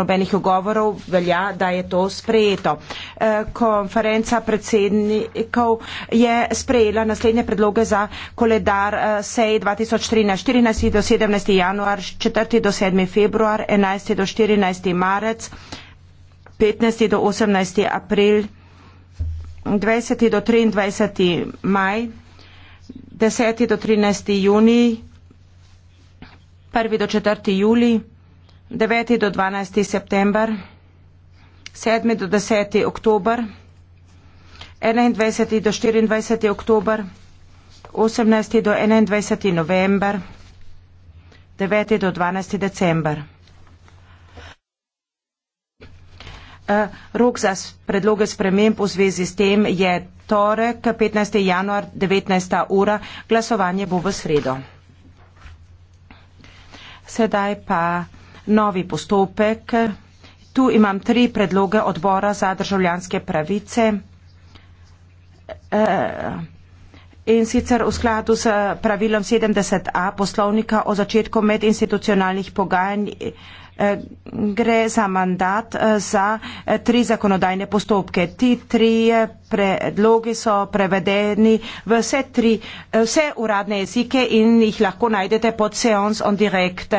nobenih ogovorov velja, da je to sprejeto. E, konferenca predsednikov je sprejela naslednje predloge za koledar e, sej 2013, 14. do 17. januar, 4. do 7. februar, 11. do 14. marec, 15. do 18. april, 20. do 23. maj, 10. do 13. juni, 1. do 4. juli, 9. do 12. september, 7. do 10. oktober, 21. do 24. oktober, 18. do 21. november, 9. do 12. december. E, rok za predloge sprememb v zvezi s tem je torek, 15. januar, 19. ura. Glasovanje bo v sredo. Sedaj pa novi postopek. Tu imam tri predloge odbora za državljanske pravice. Eh, in sicer v skladu s pravilom 70a poslovnika o začetku medinstitucionalnih pogajanj eh, gre za mandat eh, za tri zakonodajne postopke. Ti tri predlogi so prevedeni v vse, tri, vse uradne jezike in jih lahko najdete pod seons on direct.